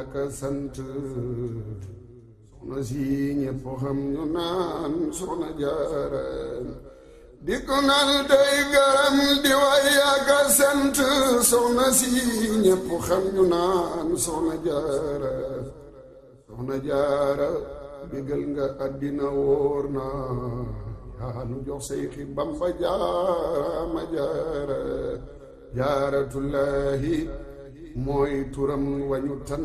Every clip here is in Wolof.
ak sant soxna si ñëpp xam ñu naan soxna jaara di ko naan day di way ak sant soxna si ñëpp xam ñu naan soxna jaara jaara bégal nga àddina wóor na yaa nu jox say xi bamba jaara ma jaara jaaratullahi mooy turam wañu tan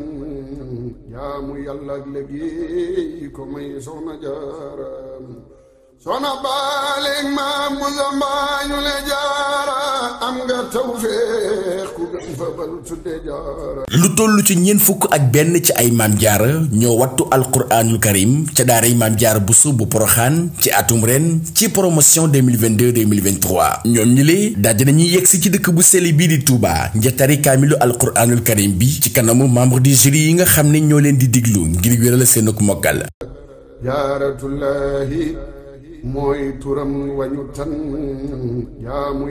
jaamu yàlla léegi ko may soxna jaaram lu toll ci ñeent fukk ak benn ci ay maam jaara ñoo wattu alquraanul karim ca daaray maam jaar bu su bu poroxaan ci atum ren ci promotion 2022 2023 ñoom ñi lee daal dinañuy yegsi ci dëkk bu seli bii di Touba njetari kaamilu alquraanul karim bi ci kanamu membre du jury yi nga xam ne ñoo leen di diglu ngir wéral seen ak mokkal jaaratullahi mooy turam wañu tan jaamu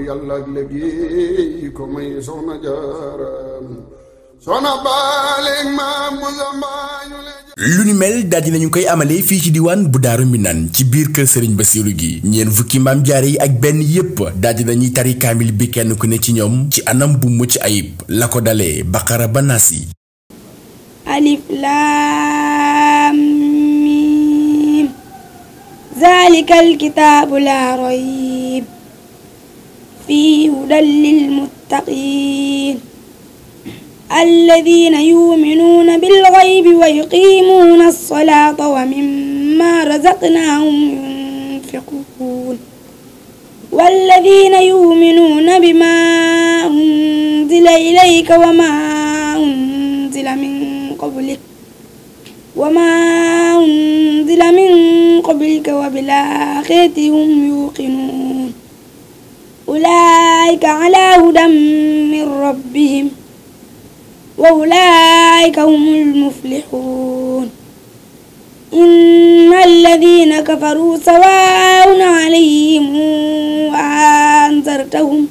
lu ni mel daal dinañu koy amalee fii ci diwaan bu daaru Minaan ci biir kër ba Bassirou gi ñeen fukki maam jaare yi ak benn yépp daal dinañuy tari kaamil bi kenn ku ne ci ñoom ci anam bu mucc ayib la ko dalee baqara ba naas yi zalika alkitaabu laa rayb fii hudan lilmuttaqiin alladina yuminuuna bilgaybi wa yuqiimuuna alsalaata wa mimma razaqnaahum yunfiquun walladina yuminuuna bima unzila ilayka wa ma unzila min qablik wa ma ربك وبالآخرة هم يوقنون أولئك على هدى من ربهم وأولئك هم المفلحون إن الذين كفروا سواء عليهم أنذرتهم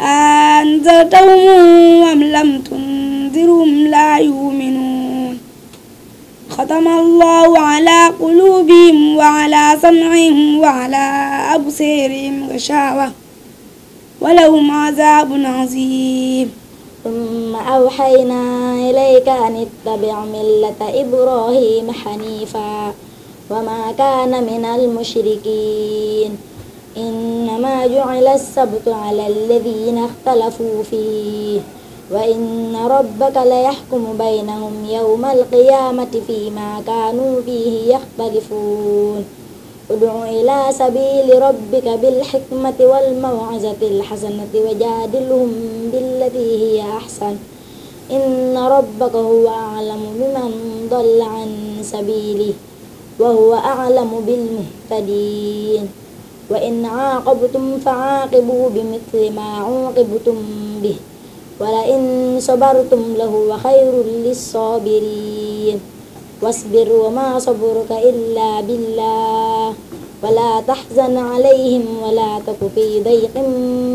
أنذرتهم أم لم تنذرهم لا يؤمنون ختم الله على قلوبهم وعلى سمعهم وعلى أبصارهم غشاوة ولهم عذاب عظيم ثم أوحينا إليك أن اتبع ملة إبراهيم حنيفا وما كان من المشركين إنما جعل السبت على الذين اختلفوا فيه وإن ربك ليحكم بينهم يوم القيامة فيما كانوا فيه يختلفون ادع إلى سبيل ربك بالحكمة والموعظة الحسنة وجادلهم بالتي هي أحسن إن ربك هو أعلم بمن ضل عن سبيله وهو أعلم بالمهتدين وإن عاقبتم فعاقبوا بمثل ما عوقبتم به wala in sabartum lahu wa xayrun lissabirin wasbir wa ma sabruka illa billah wala taxzan alayhim wala taku fi dayqin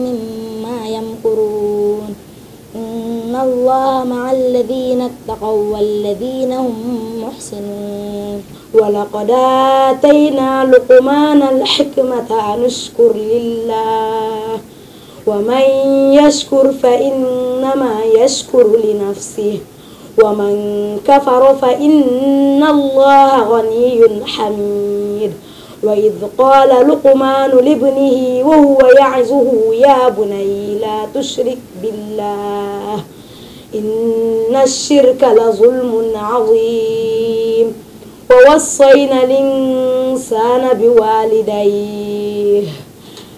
mimma yamkurun inna allaha ma'a alladina ittaqaw walladina hum muxsinun ولقد آتينا لقمان الحكمة أن اشكر لله ومن يشكر فإنما يشكر لنفسه ومن كفر فإن الله غني حميد وإذ قال لقمان لابنه وهو يعزه يا بني لا تشرك بالله إن الشرك لظلم عظيم ووصينا الإنسان بوالديه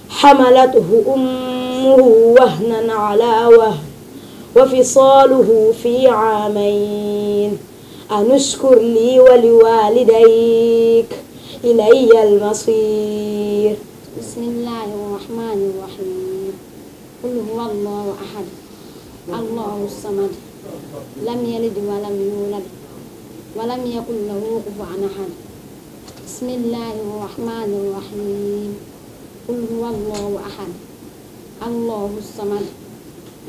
حملته أمه أمره وهنا على وهن وفصاله في عامين أن اشكر لي ولوالديك إلي المصير بسم الله الرحمن الرحيم قل هو الله أحد الله الصمد لم يلد ولم يولد ولم يكن له كفوا أحد بسم الله الرحمن الرحيم قل هو الله أحد allahu samad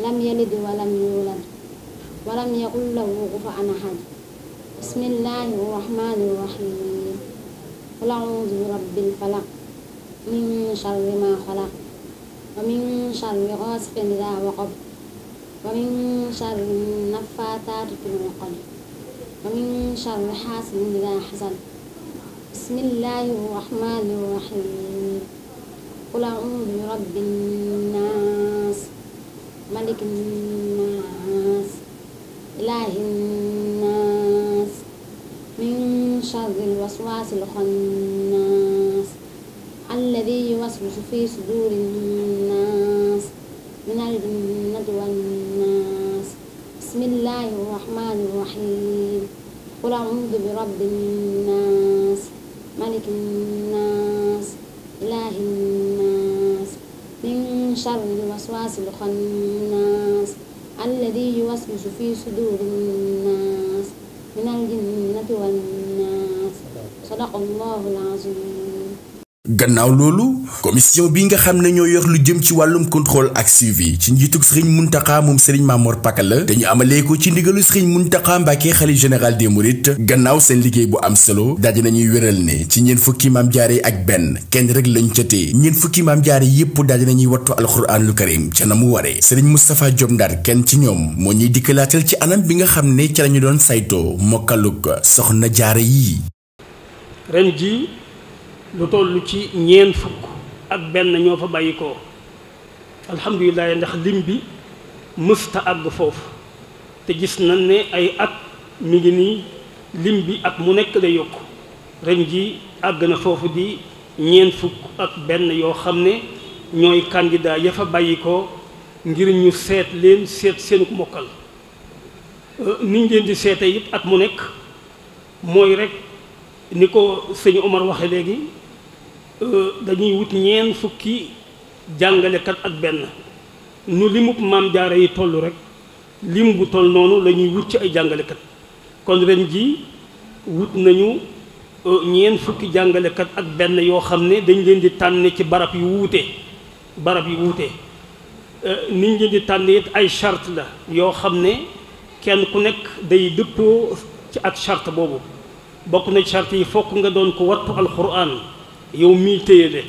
lam yalid walam yuulad walam yakul lahu kufuwan ahad bismillahi rahmani rahim qul a'udhu bi rabbil falaq min sharri ma khalaq wa min sharri ghasiqin idha waqab wa min sharri naffathati fil 'uqad wa min sharri hasidin idha hasad bismillahi rahmani rahim قل أعوذ برب الناس ملك الناس إله الناس من شر الوسواس الخناس الذي يوسوس في صدور الناس من الجنة والناس بسم الله الرحمن الرحيم قل أعوذ برب الناس ملك الناس إله الناس شر الوسواس الخناس الذي يوسوس في صدور الناس من الجنة والناس صدق الله العظيم gannaaw loolu commission bi nga xam ne ñoo yor lu jëm ci wàllum contrôle ak suivi ci njiitug sëriñ Muntaxa moom sëriñ Maamoor Pakala dañu amalee ko ci ndigalu sëriñ Muntaxa Mbàkke xalif général des mourides gannaaw seen liggéey bu am solo daje nañuy wéral ne ci ñeen fukki maam jaare ak benn kenn rek lañ cëtee ñeen fukki maam jaare yépp daje nañuy wattu alxuraanul karim ca na mu waree sëriñ Moustapha Diop Ndar kenn ci ñoom moo ñuy dikkalaatal ci anam bi nga xam ne ca lañu doon saytoo mokkaluk soxna jaare yi lu toll ci ñeent fukk ak benn ñoo fa bàyyikoo alhamdulilah ndax lim bi mësta àgg foofu te gis nañ ne ay at mi ngi nii lim bi ak mu nekk la yokk ren ji àgg na foofu di ñeent fukk ak benn yoo xam ne ñooy candidat ya fa bàyyikoo ngir ñu seet leen seet seenu mokkal euh, niñ leen di seete it at mu nekk mooy rekk ni ko sëñ Omar waxe léegi Euh, dañuy wut ñeen fukki jàngalekat ak benn nu limub maam jaara yi toll rek lim bu toll noonu la ñuy wut ci ay jàngalekat kon ren ji wut nañu euh, ñeen fukki jàngalekat ak benn yoo xam ne dañ leen di tànne ci barab yu wuute barab yu wuute euh, niñ leen di tànn it ay charte la yoo xam ne kenn ku nekk day dëppoo ci ak charte boobu bokk na charte yi fokk nga doon ko wattu alquran yow mii téyele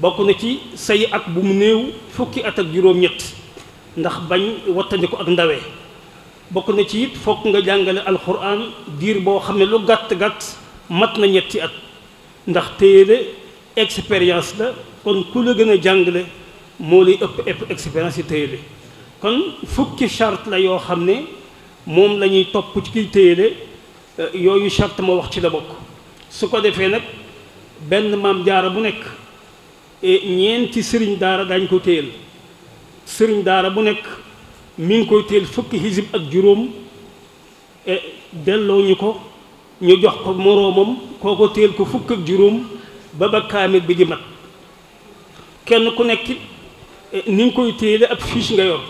bokk na ci say at bu mu néew fukki at ak juróom-ñett ndax bañ wattandiku ak ndawee bokk na ci it fokk nga jàngale alxuraan diir boo xam ne lu gàtt-gàtt mat na ñetti at ndax téyele expérience la kon ku la gën a jàngale moo lay ëpp expérience yi téyele kon fukki chart la yoo xam ne moom la ñuy topp ci kiy téyele yooyu charte ma wax ci la bokk su ko defee nag benn maam jaara bu nekk e ñeenti sëriñ daara dañ ko téel sëriñ daara bu nekk mi ngi koy téel fukk xisib ak juróom e delloo ñu ko ñu jox ko moroomam kooko téel ko fukk ak juróom ba ba kaamil bi di mat kenn ku nekk e ni nga koy téele ab fiche nga yoon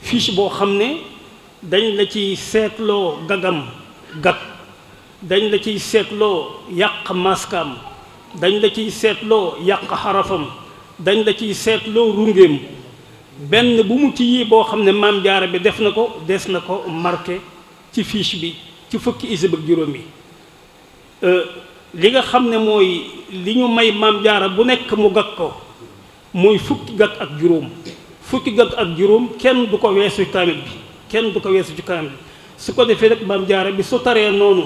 fiche boo xam ne dañ la ciy seetloo gagam gag dañ la ciy seetloo yàq maskaam dañ la ciy seetloo yàq xarafam dañ la ciy seetloo rungeem benn bu mu ci yi boo xam ne maam jaara bi def na ko des na ko marqué ci fiche bi ci fukki isib ak juróom yi euh, li nga xam ne mooy li ñu may maam jaara bu nekk mu gag ko mooy fukki gag ak juróom fukki gag ak juróom kenn du ko weesu kaamil bi kenn du ko weesu ci kaamil bi su ko defee rek maam jaara bi su taree noonu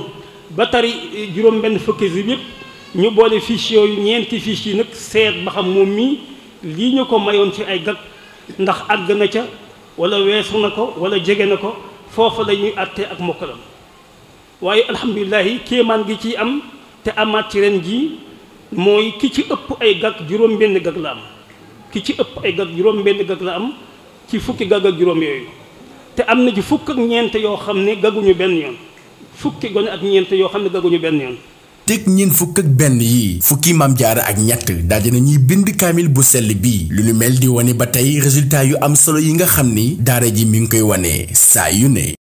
ba tari juróom benn fukki isib yëpp ñu boole fiche yooyu ñeenti fiche yi nag seet ba xam moom mii lii ñu ko mayoon ci ay gag ndax àgg na ca wala weesu na ko wala jege na ko foofa la ñuy ak mokkalam waaye alhamdulilahi kéemaan gi ciy am te amaat ci ren ji mooy ki ci ëpp ay gag juróom benn gag la am ki ci ëpp ay gag juróom benn gag la am ci fukki gàgg ak juróom yooyu te am na ci fukk ak ñeent yoo xam ne gaguñu benn yoon fukki gone ak ñeent yoo xam ne gaguñu benn yoon teg ñeen fukk ak benn yi fukki maam jaara ak ñett daal dina ñuy bind kaamil bu sell bi lu ñu mel di wane ba tey résultat yu am solo yi nga xam ni daara ji mi ngi koy wane saa yu ne